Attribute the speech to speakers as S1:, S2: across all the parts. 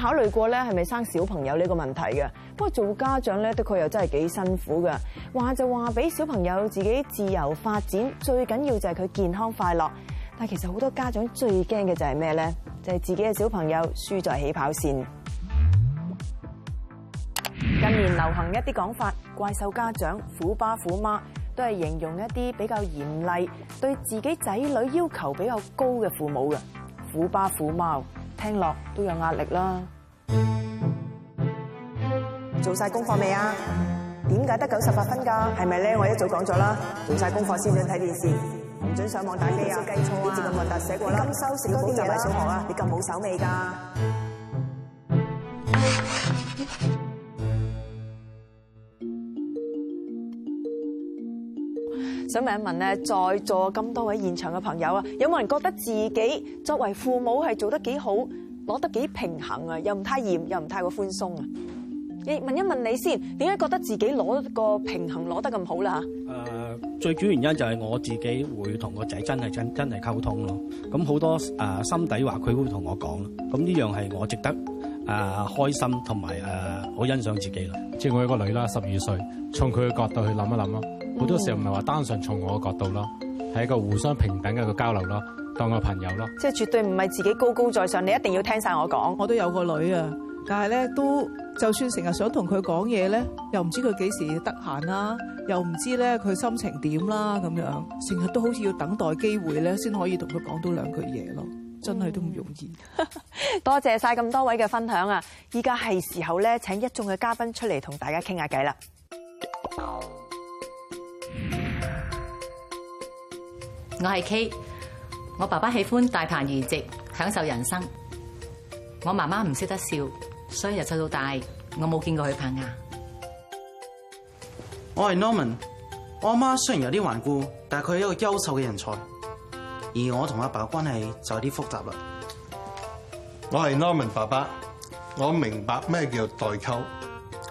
S1: 考慮過咧，係咪生小朋友呢個問題嘅？不過做家長咧，的確又真係幾辛苦噶話就話俾小朋友自己自由發展，最緊要就係佢健康快樂。但其實好多家長最驚嘅就係咩咧？就係、是、自己嘅小朋友輸在起跑線。近年流行一啲講法，怪獸家長、虎爸虎媽，都係形容一啲比較嚴厲，對自己仔女要求比較高嘅父母嘅虎爸虎媽聽落都有壓力啦！做晒功課未啊？點解得九十八分㗎？係咪咧？我一早講咗啦，做晒功課先准睇電視，唔准上網打機啊！你字計錯啊！你今收寫過啦，小寶就係數學啦，你咁冇手尾㗎！想問一問咧，在座咁多位現場嘅朋友啊，有冇人覺得自己作為父母係做得幾好，攞得幾平衡啊？又唔太嚴，又唔太過寬鬆啊？問一問你先，點解覺得自己攞個平衡攞得咁好啦？誒、
S2: 呃，最主要原因就係我自己會同個仔真係真真係溝通咯。咁好多誒、呃、心底話佢會同我講，咁呢樣係我值得誒、呃、開心同埋誒好欣賞自己啦。即係我一個女啦，十二歲，從佢嘅角度去諗一諗咯。好多時候唔
S3: 係話單純從我嘅角度咯，係一個互相平等嘅一個交流咯，當我朋友咯。即係絕
S1: 對唔係自己高高在上，你一定要聽晒我講。我都有個女啊，但係咧都就
S4: 算成日想同佢講嘢咧，又唔知佢幾時得閒啦，又唔知咧佢心情點啦咁樣，成日都好似要等待機會咧，先可以同佢講到兩句嘢咯，
S1: 真係都唔容易。多 謝晒咁多位嘅分享啊！依家係時候咧，請一眾嘅嘉賓出嚟同大家傾下偈啦。
S4: 我係 Kate，我爸爸喜歡大鵬而直，享受人生。我媽媽唔識得笑，所以由細到大我冇見過佢拍牙。
S5: 我係 Norman，我媽雖然有啲頑固，但係佢係一個優秀嘅人才。而我同阿爸嘅關係就有啲複
S6: 雜啦。我係 Norman 爸爸，我明白咩叫代溝，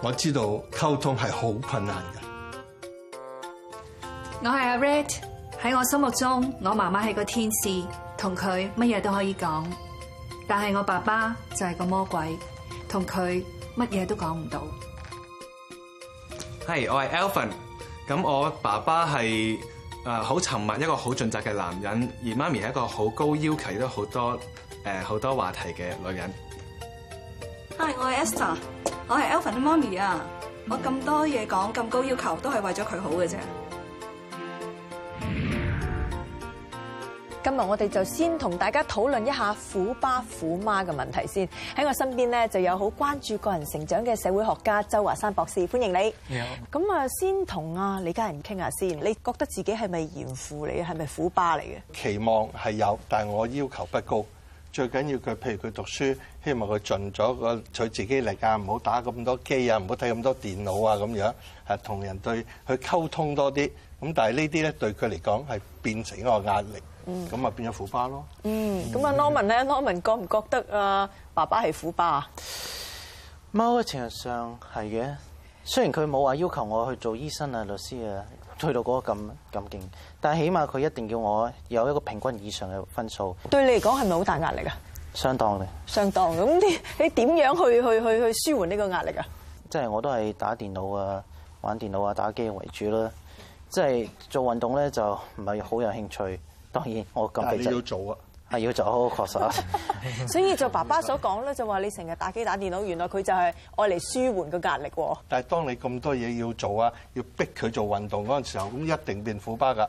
S6: 我知道溝通係好困難
S7: 㗎。我係阿 Red。喺我心目中，我媽媽係個天使，同佢乜嘢都可以講，但係我爸爸就係個魔鬼，同佢乜嘢都講唔到。
S2: 係，我係 Alvin，咁我爸爸係誒好沉默，一個好盡責嘅男人，而媽咪係一個好高要求，都好多誒好多話題嘅女人。
S7: Hi，我係 Esther 我係 Alvin 嘅媽咪啊，我咁多嘢講，咁高要求都係為咗佢好嘅啫。
S1: 今日我哋就先同大家討論一下虎爸虎媽嘅問題先。喺我身邊咧，就有好關注個人成長嘅社會學家周華山博士，歡迎你。你好。咁啊，先同阿李家人傾下先。你覺得自己係咪嚴父嚟嘅？係咪虎爸嚟嘅？
S6: 期望係有，但係我要求不高。最緊要佢，譬如佢讀書，希望佢盡咗個取自己力啊，唔好打咁多機啊，唔好睇咁多電腦啊，咁樣啊同人對佢溝通多啲。咁但係呢啲咧對佢嚟講係變成一個壓力。咁、嗯、啊、嗯嗯，變咗虎爸咯。嗯，
S1: 咁啊，Norman 咧，Norman 覺唔覺得啊？爸爸係虎爸？啊？
S6: 某程度
S5: 上係嘅，雖然佢冇話要求我去做醫生啊、律師啊，去到嗰個咁咁勁，但係起碼佢一定要我有一個平均以上嘅分數。對你嚟講係咪
S1: 好大壓力啊？
S5: 相當嘅。
S1: 相當咁啲，你點樣去去去去舒緩呢個壓力
S5: 啊？即係我都係打電腦啊、玩電腦啊、打機為主啦。即係做運動咧，就唔係好有興趣。當然，我咁你要做啊，係要做好，確
S6: 實啦、啊 。
S1: 所以就爸爸所講咧，就話你成日打機打電腦，原來佢就係愛嚟舒
S6: 緩個壓力喎。但係當你咁多嘢要做啊，要逼佢做運動嗰陣時候，咁一定變苦巴㗎。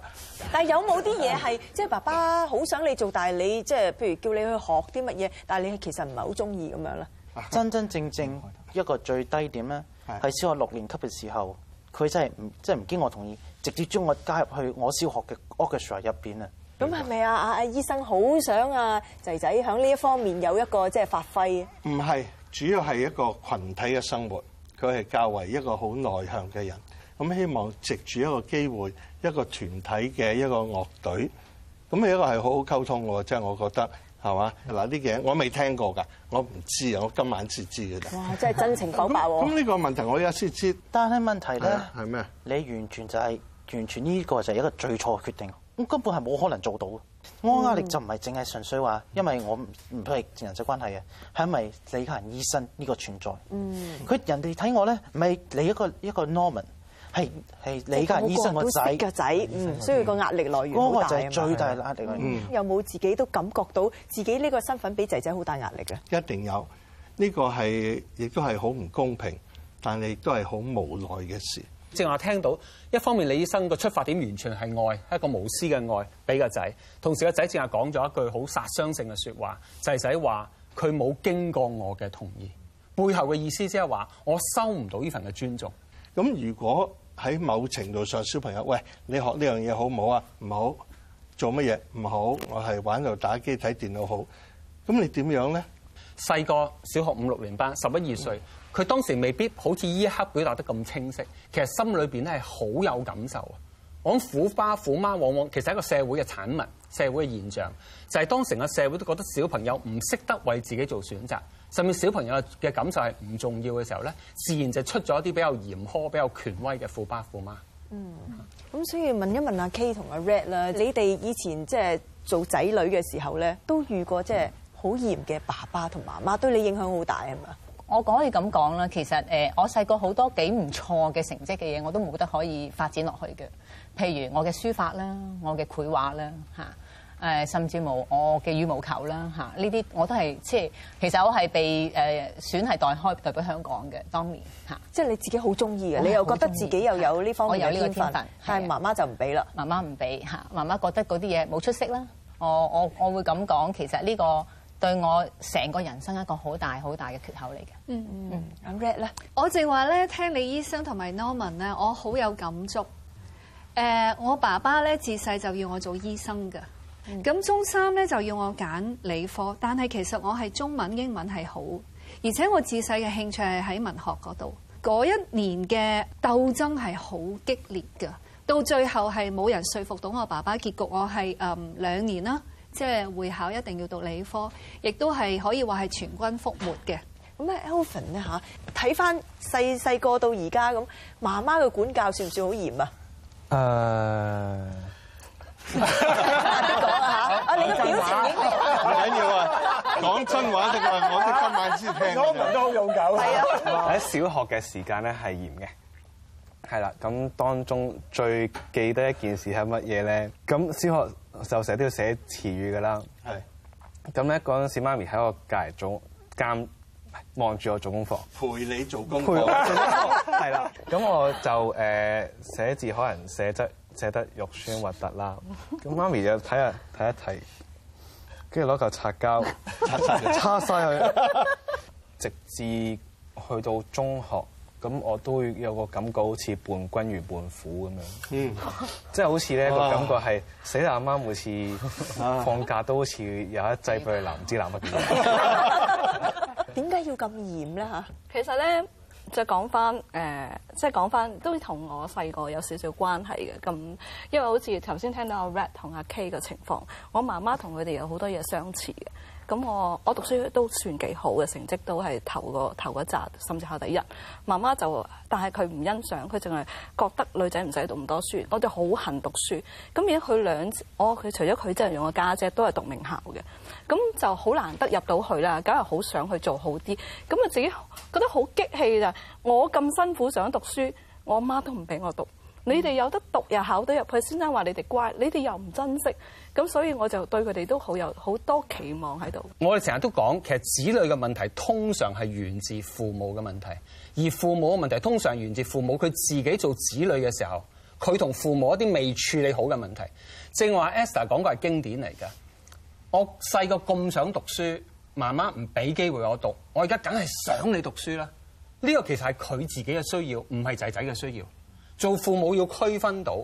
S6: 但
S1: 係有冇啲嘢係即係爸爸好想你做大，但係你即係譬如叫你去學啲乜嘢，但係你其實唔係好中意咁樣咧？
S5: 真真正正一個最低點咧，係小學六年級嘅時候，佢真係唔即係唔經我同意，直接將我加入去我小學嘅 orchestra 入邊啊！
S1: 咁係咪啊？啊啊醫生好想啊，仔仔喺呢一方面有一個即係發揮。
S6: 唔係，主要係一個群體嘅生活。佢係較為一個好內向嘅人，咁希望藉住一個機會，一個團體嘅一個樂隊，咁一個係好好溝通喎。即係我覺得係嘛嗱？呢嘢我未聽過㗎，我唔知啊，我今晚先知㗎啫。哇！
S1: 真係真情講白喎。咁
S6: 呢個問題我有一先知。但係問題咧，係咩？你完全就係完全呢
S5: 個就係一個最錯嘅決定。我根本係冇可能做到的，我、那個、壓力就唔係淨係純粹話，因為我唔唔係人際關係嘅，係因為李家仁醫生呢個存在。嗯，佢人哋睇我咧，咪你一個一個 Norman 係係李家仁醫生個仔，
S1: 需要個壓力來源。嗰、嗯那個就係最大的壓力，嗯，有冇自己都感覺到自己呢個身份俾仔仔好大壓力嘅？
S6: 一定有，呢、這個係亦都係好唔公平，但亦都係好無奈嘅事。正話聽到，一方面李醫生個出發點
S3: 完全係愛，一個無私嘅愛俾個仔。同時個仔正話講咗一句好殺傷性嘅說話，仔仔話，佢冇經過我嘅同意。背後嘅意思即係話，我
S6: 收唔到呢份嘅尊重。咁如果喺某程度上，小朋友，喂，你學呢樣嘢好唔好啊？唔好做乜嘢？唔好，我係玩度打機睇電腦好。咁你點樣咧？細個小學五六年班，十一二歲。嗯佢當時未
S3: 必好似依一刻表達得咁清晰，其實心裏邊咧係好有感受啊！我諗虎爸虎媽往往其實係一個社會嘅產物，社會嘅現象就係、是、當成個社會都覺得小朋友唔識得為自己做選擇，甚至小朋友嘅感受係唔重要嘅時候咧，自然就出咗一啲比較嚴苛、比較權威嘅虎爸虎媽。
S1: 嗯，咁所以問一問阿 K 同阿 Red 啦，你哋以前即係做仔女嘅時候咧，都遇過
S4: 即係好嚴嘅爸爸同媽媽，對你影響好大係嘛？是嗎？我可以咁講啦，其實誒，我細個好多幾唔錯嘅成績嘅嘢，我都冇得可以發展落去嘅。譬如我嘅書法啦，我嘅繪畫啦，嚇誒，甚至冇我嘅羽毛球啦，嚇，呢啲我都係即係其實我係被誒選係代開代表香港嘅當年，嚇。即係你自己好中意嘅，你又覺得自己
S1: 又有呢方面有天分，但
S4: 係媽媽就唔俾啦，媽媽唔俾嚇，媽媽覺得嗰啲嘢冇出息啦。我我我會咁講，其實呢個。對我成個人生一個好大好大嘅缺口嚟嘅。嗯嗯，咁 Red 咧，
S7: 我正話咧，聽李醫生同埋 Norman 咧，我好有感觸。呃、我爸爸咧自細就要我做醫生嘅。咁、嗯、中三咧就要我揀理科，但係其實我係中文英文係好，而且我自細嘅興趣係喺文學嗰度。嗰一年嘅鬥爭係好激烈嘅，到最後係冇人說服到我爸爸。結局我係誒、嗯、兩年啦。即係會考一定要讀理科，亦都係可以話係全軍覆沒嘅。咁啊，Alvin 咧吓，睇翻
S1: 細細個到而家咁，媽媽嘅管教算唔算好嚴、uh... 一 啊？
S2: 誒，
S1: 講 吓，啊你個表情唔緊要
S6: 啊。講真話定係我今晚先聽？我唔都好用狗。係啊。喺小
S2: 學嘅時間咧係嚴嘅。係啦，咁當中最記得一件事係乜嘢咧？咁小學。就成日都要寫詞語㗎啦，咁咧嗰陣時媽咪喺我隔籬做監望住我做功課，
S6: 陪你做功課，功課，係啦。
S2: 咁我就誒寫字可能寫得寫得肉酸核突啦。咁媽咪就睇下睇一睇，跟住攞嚿擦膠擦擦擦擦曬佢，直至去到中學。咁我都會有個感覺，好似伴君如伴虎咁樣，即、嗯、係、就是、好似咧個感覺係死啦！阿媽每次放假都好似有一制俾佢攬，唔知攬乜嘢。
S7: 點解 要咁嚴咧嚇？其實咧，再講翻誒，即係講翻都同我細個有少少關係嘅。咁因為好似頭先聽到阿 Rat 同阿 K 嘅情況，我媽媽同佢哋有好多嘢相似嘅。咁我我讀書都算幾好嘅成績都，都係頭個頭嗰扎，甚至下第一。媽媽就，但係佢唔欣賞，佢淨係覺得女仔唔使讀咁多書。我哋好恨讀書。咁而家佢兩，哦、我佢除咗佢仲有個家姐，都係讀名校嘅。咁就好難得入到去啦，梗係好想去做好啲。咁啊自己覺得好激氣咋！我咁辛苦想讀書，我阿媽都唔俾我讀。你哋有得讀又考到入去，佢先生話你哋乖，你哋又唔珍惜，咁所以我就對佢哋都好有好多期望喺度。
S3: 我哋成日都講，其實子女嘅問題通常係源自父母嘅問題，而父母嘅問題通常源自父母佢自己做子女嘅時候，佢同父母一啲未處理好嘅問題。正話 Esther 講過係經典嚟㗎。我細個咁想讀書，媽媽唔俾機會我讀，我而家梗係想你讀書啦。呢個其實係佢自己嘅需要，唔係仔仔嘅需要。做父母要區分到，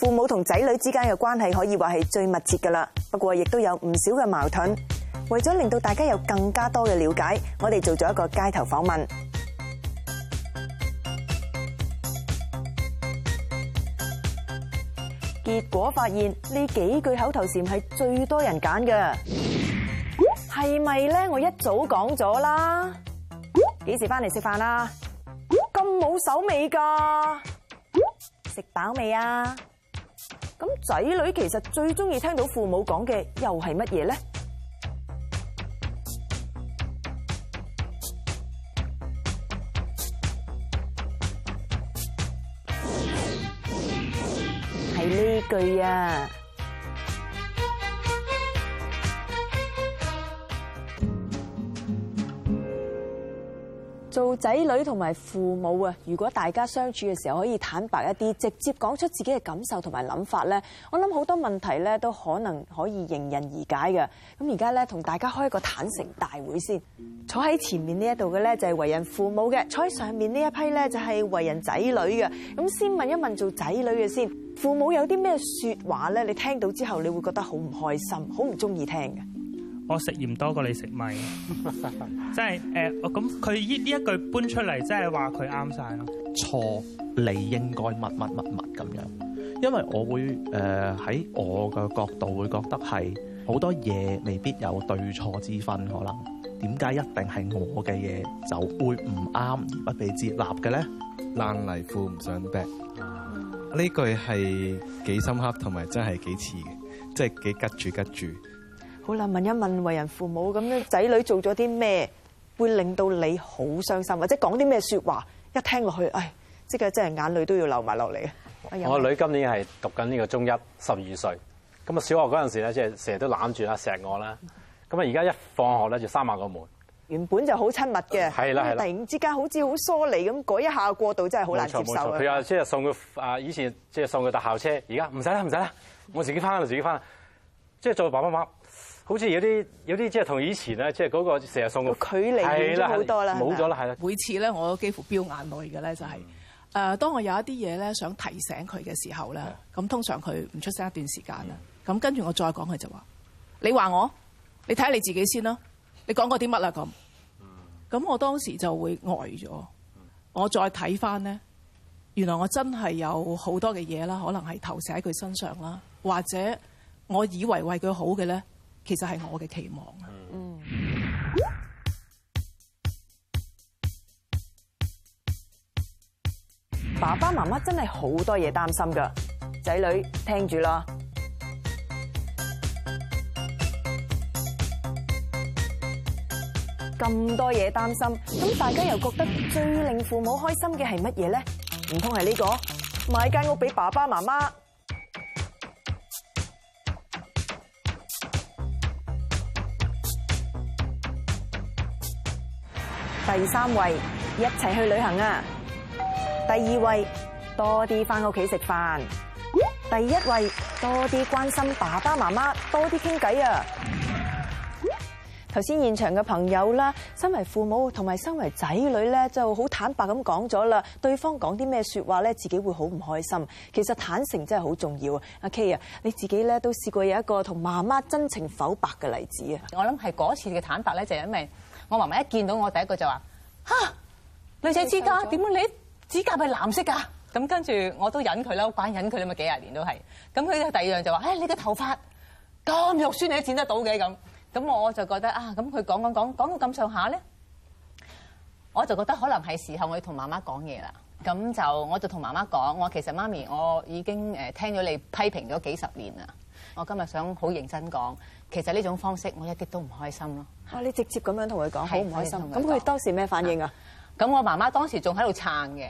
S1: 父母同仔女之間嘅關係可以話係最密切噶啦，不過亦都有唔少嘅矛盾。為咗令到大家有更加多嘅了解，我哋做咗一個街頭訪問。結果發現呢幾句口頭禪係最多人揀嘅，係咪咧？我一早講咗啦，幾時翻嚟食飯啊？冇手尾噶，食飽未啊？咁仔女其實最中意聽到父母講嘅又係乜嘢咧？係呢句啊！做仔女同埋父母啊，如果大家相處嘅時候可以坦白一啲，直接講出自己嘅感受同埋諗法咧，我諗好多問題咧都可能可以迎刃而解嘅。咁而家咧同大家開一個坦誠大會先，坐喺前面呢一度嘅咧就係為人父母嘅，坐喺上面呢一批咧就係為人仔女嘅。咁先問一問做仔女嘅先，父母有啲咩說話咧？你聽到之後你會覺得好唔開心，好唔中意
S5: 聽
S3: 嘅。我食鹽多過你食米，即係誒，我咁佢依呢一句搬出嚟，即係話佢啱晒咯。錯，你應該乜乜乜乜咁
S6: 樣，
S5: 因為我會誒喺、呃、我嘅角度會覺得係好多嘢
S2: 未必有對錯之分，可能點解一定係我嘅嘢就會唔啱而不被接納嘅咧？爛泥扶唔上壁，呢、嗯、句係幾深刻同埋真係幾似嘅，即係幾拮住拮住。
S1: 好啦，問一問為人父母咁咧，仔女做咗啲咩會令到你好傷心，或者講啲咩説話一聽落去，哎，即係真係眼淚都要流埋落嚟啊！我女
S3: 今年係讀緊呢個中一，十二歲咁啊。小學嗰陣時咧，即係成日都攬住啦，錫我啦。咁啊，而家一放學咧就閂埋個門，原本就好親密嘅，咁啊，突然
S1: 之間好似好疏離咁，嗰一下過渡真係好難接受。佢
S3: 啊，即係送佢啊，以前即係送佢搭校車，而家唔使啦，唔使啦，我自己返啊，自己返啊，即係、就是、做爸爸媽媽，好似有啲有啲，即係同以前咧，即係嗰個成日送、那個距離遠好多啦，冇咗啦，係啦。
S4: 每次咧，我都幾乎飆眼淚嘅咧就係、是、誒、嗯。當我有一啲嘢咧想提醒佢嘅時候咧，咁、嗯、通常佢唔出聲一段時間啦。咁、嗯、跟住我再講，佢就話：你話我，你睇下你自己先啦。你講過啲乜啦咁咁，嗯、我當時就會呆咗。我再睇翻咧，原來我真係有好多嘅嘢啦，可能係投射喺佢身上啦，或者我以為為佢好嘅咧。其實係我嘅期望啊、嗯！
S1: 爸爸媽媽真係好多嘢擔心噶，仔女聽住啦，咁多嘢擔心，咁大家又覺得最令父母開心嘅係乜嘢咧？唔通係呢個？買間屋俾爸爸媽媽？第三位一齊去旅行啊！第二位多啲返屋企食飯，第一位多啲關心爸爸媽媽，多啲傾偈啊！頭先現場嘅朋友啦，身為父母同埋身為仔女咧，就好坦白咁講咗啦。對方講啲咩說話咧，自己會好唔開心。其實坦誠真係好重要啊！阿 K 啊，你自己咧都試過有一個同媽媽真情剖白
S4: 嘅例子啊！我諗係嗰次嘅坦白咧，就係因為。我媽媽一見到我第一個就話：哈、啊，女仔指甲點解你指甲係藍色㗎？咁跟住我都忍佢啦，慣忍佢啦嘛，幾廿年都係。咁佢第二樣就話：唉、哎，你嘅頭髮咁肉酸，你都剪得到嘅咁。咁我就覺得啊，咁佢講講講到咁上下咧，我就覺得可能係時候我要同媽媽講嘢啦。咁就我就同媽媽講，我其實媽咪，我已經誒聽咗你批評咗幾十年啦。我今日想好認真講。其實呢種方式，我一啲都唔開心咯嚇、啊。你直接咁樣同佢講，好唔開心。咁佢當時咩反應啊？咁我媽媽當時仲喺度撐嘅。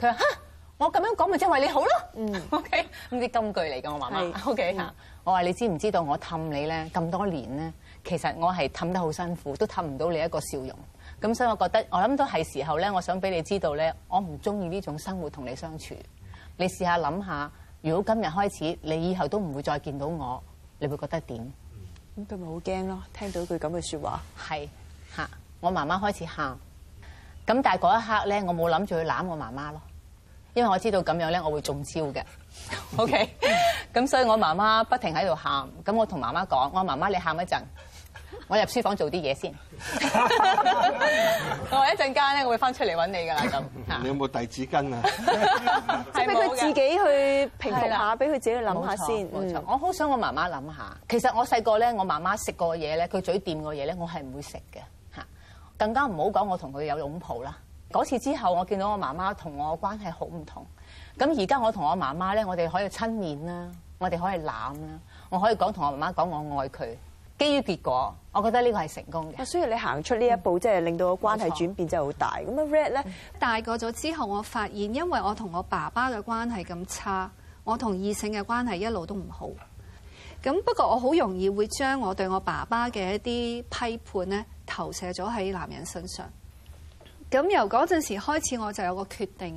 S4: 佢話：嚇、啊，我咁樣講咪即係為你好咯。嗯，OK，啲金句嚟㗎。我媽媽 OK 嚇、嗯。我話你知唔知道我氹你咧咁多年咧？其實我係氹得好辛苦，都氹唔到你一個笑容。咁所以，我覺得我諗都係時候咧，我想俾你知道咧，我唔中意呢種生活同你相處。你試下諗下，如果今日開始，你以後都唔會再見到我，你會覺得點？咁佢咪好驚咯？聽到佢咁嘅説話，係嚇，我媽媽開始喊。咁但係嗰一刻咧，我冇諗住去攬我媽媽咯，因為我知道咁樣咧，我會中招嘅。OK，咁 所以我媽媽不停喺度喊。咁我同媽媽講，我話媽媽，你喊一陣。我入書房做啲嘢先， 我 一陣間咧，我會翻出嚟揾你噶啦咁。你有
S6: 冇遞紙巾啊？即係
S4: 俾佢自己去平復下，俾佢自己去諗下先？冇錯，錯嗯、我好想我媽媽諗下。其實我細個咧，我媽媽食過嘅嘢咧，佢嘴掂過嘢咧，我係唔會食嘅嚇。更加唔好講我同佢有擁抱啦。嗰次之後，我見到我媽媽同我的關係好唔同。咁而家我同我媽媽咧，我哋可以親面啦，我哋可以攬啦，我可以講同我媽媽講我愛佢。基於結果，我覺得呢個係成功
S7: 嘅。所以你行出呢一步，嗯、即係令到個
S4: 關係轉
S1: 變，
S7: 真係好大。咁啊，red 咧、嗯、大個咗之後，我發現，因為我同我爸爸嘅關係咁差，我同異性嘅關係一路都唔好。咁不過我好容易會將我對我爸爸嘅一啲批判咧，投射咗喺男人身上。咁由嗰陣時開始，我就有個決定，誒、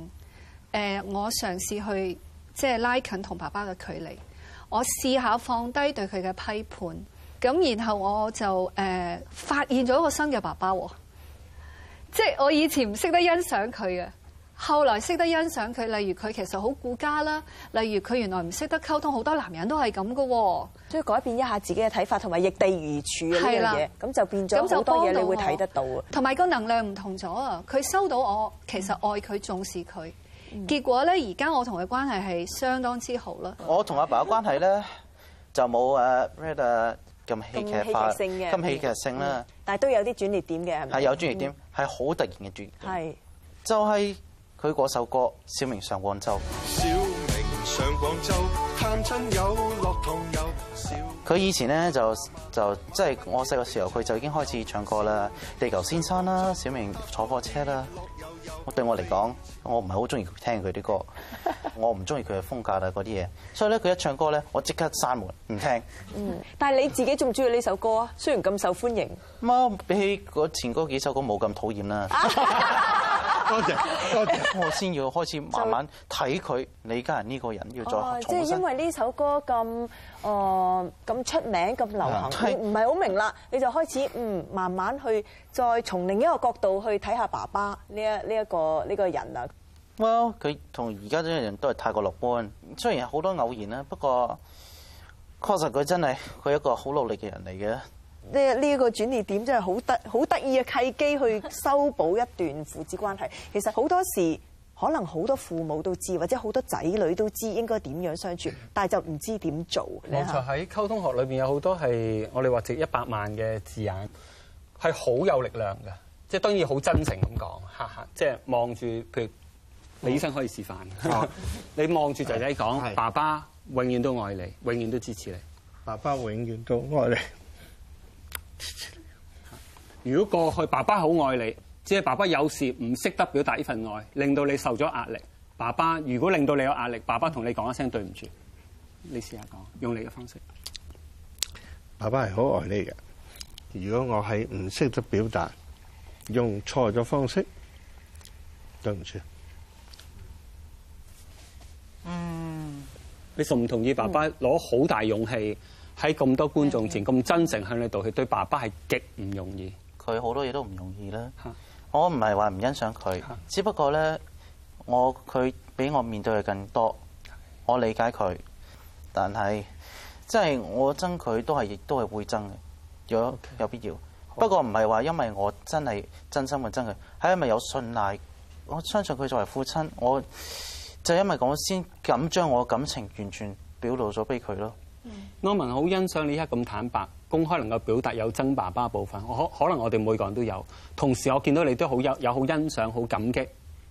S7: 呃，我嘗試去即係拉近同爸爸嘅距離，我試下放低對佢嘅批判。咁然後我就誒、呃、發現咗一個新嘅爸爸，即係我以前唔識得欣賞佢啊，後來識得欣賞佢。例如佢其實好顧家啦，例如佢原來唔識得溝通，好多男人都係咁喎。所以改變一下自己嘅睇法同埋易地而處係啦，咁就變咗好多嘢，你會睇得到。同埋個能量唔同咗啊！佢收到我，其實愛佢重視佢，結果咧而家我同佢關係係相當之好啦。
S5: 我同阿爸嘅關係咧 就冇誒、啊。咁戲劇化，咁戲劇性啦、嗯，
S1: 但都有啲轉捩點嘅，係有轉捩點，
S5: 係、嗯、好突然嘅轉捩點。係，就係佢嗰首歌《小明上廣州》。
S6: 小明上廣州，探親友，落糖友。
S5: 佢以前咧就就即係、就是、我細個時候，佢就已經開始唱歌啦，《地球先生》啦，《小明坐火車》啦。我對我嚟講，我唔係好中意聽佢啲歌， 歌，我唔中意佢嘅風格呀，嗰啲嘢。所以咧，佢一唱歌咧，我即刻閂門唔聽。嗯，
S1: 但係你自己中唔中意呢首歌啊？雖然咁受歡迎，
S5: 媽，比起前嗰幾首歌冇咁討厭啦。多謝多謝。 我先要開始慢慢睇佢李嘉仁呢個人，要再重新、哦、即係因
S1: 為呢首歌咁誒咁出名、咁流行，你唔係好明啦，你就開始嗯慢慢去再從另一個角度去睇下爸爸呢一呢一、呢個呢、呢個人啊。
S5: 哇！佢同而家呢個人都係太過樂觀，雖然好多偶然啦，不過確實佢真係佢一個好努力嘅人嚟嘅。
S1: 呢呢一個轉捩點真係好得好得意嘅契機，去修補一段父子關係。其實好多時可能好多父母都知，或者好多仔女都知應該點樣相處，但係就唔知點做。冇
S3: 錯喺溝通學裏邊有好多係我哋話值一百萬嘅字眼，係好有力量嘅。即係當然好真誠咁講，哈哈！即係望住譬如李醫生可以示範，嗯、 你望住仔仔講：爸爸永遠都愛你，永遠都支持你。
S6: 爸爸永遠都愛你。
S3: 如果過去爸爸好愛你，只係爸爸有時唔識得表達呢份愛，令到你受咗壓力。爸爸如果令到你有壓力，爸爸同你講一聲對唔住。你試下講，用你嘅方式。
S6: 爸爸係好愛你嘅。如果我係唔識得表達，用錯咗方式，對唔住。嗯，
S3: 你同唔同意爸爸攞好、嗯、大勇氣？喺咁多觀眾前咁真誠向你道歉，對爸爸係極唔容易。佢好多嘢都唔容易啦。我唔係話唔欣賞
S5: 佢，只不過咧，我佢比我面對嘅更多。我理解佢，但係即係我憎佢都係，亦都係會憎嘅，有有必要。Okay. Okay. 不過唔係話因為我真係真心去憎佢，係因為有信賴。我相信佢作為父親，我就係因為咁先敢將我嘅感
S3: 情完全表露咗俾佢咯。安文，好欣賞你一刻咁坦白、公開能夠表達有憎爸爸嘅部分，我可可能我哋每個人都有。同時我見到你都好有有好欣賞、好感激，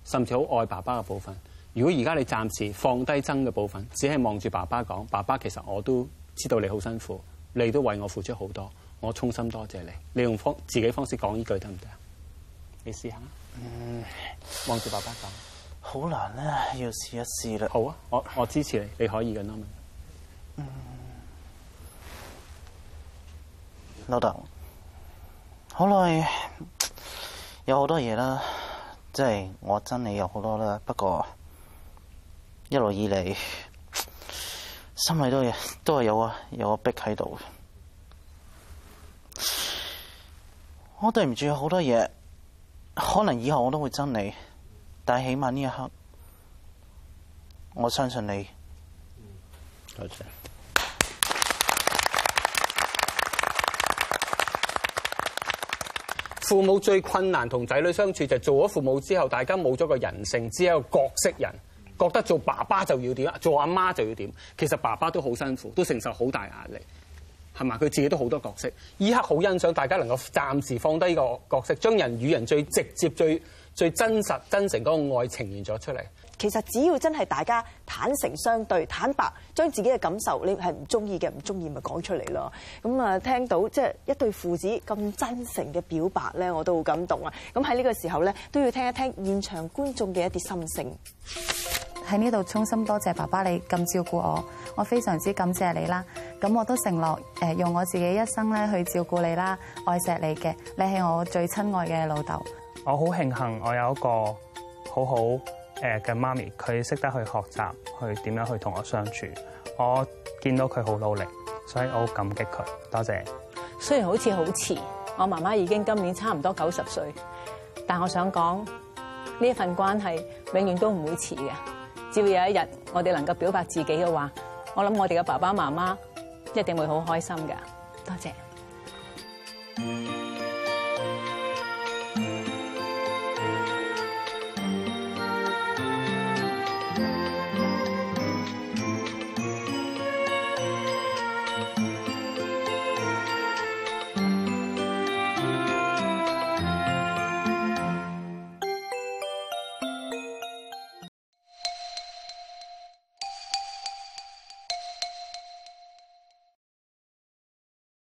S3: 甚至好愛爸爸嘅部分。如果而家你暫時放低憎嘅部分，只係望住爸爸講，爸爸，其實我都知道你好辛苦，你都為我付出好多，我衷心多謝你。你用方自己方式講呢句得唔得啊？你試下，望住爸爸講，mm. 好難咧、啊，要試一試啦。好啊，我我支持你，你可以嘅，安文。嗯。
S5: 老豆，好耐有好多嘢啦，即係我憎你有好多啦，不過一路以嚟心裏都係都係有啊有個逼喺度，我對唔住好多嘢，可能以後我都會憎你，但係起碼呢一刻我相信你。
S6: 多謝，謝。
S3: 父母最困難同仔女相處，就做咗父母之後，大家冇咗個人性，只係一個角色人，覺得做爸爸就要點，做阿媽就要點。其實爸爸都好辛苦，都承受好大壓力，係嘛？佢自己都好多角色。依刻好欣賞大家能夠暫時放低個角色，將人與人最直接、最最真實、真誠嗰個愛呈現咗出嚟。其實只要真係大家，坦誠相對，
S1: 坦白將自己嘅感受，你係唔中意嘅，唔中意咪講出嚟咯。咁啊，聽到即係一對父子咁真誠嘅表白咧，我都好感動啊。咁喺呢個時候咧，都要聽一聽現場觀眾嘅一啲心聲。
S4: 喺呢度衷心多謝爸爸你咁照顧我，我非常之感謝你啦。咁我都承諾誒，用我自己一生咧去照顧你啦，愛錫你嘅，你係我最親愛嘅老豆。
S3: 我好慶幸我有一個好好。誒嘅媽咪，佢識得去學習，去點樣去同我相處，我見到佢好努力，所以我好感激佢，多謝。
S4: 雖然好似好遲，我媽媽已經今年差唔多九十歲，但我想講呢一份關係永遠都唔會遲嘅，只要有一日我哋能夠表白自己嘅話，我諗我哋嘅爸爸媽媽一定會好開心嘅，多謝。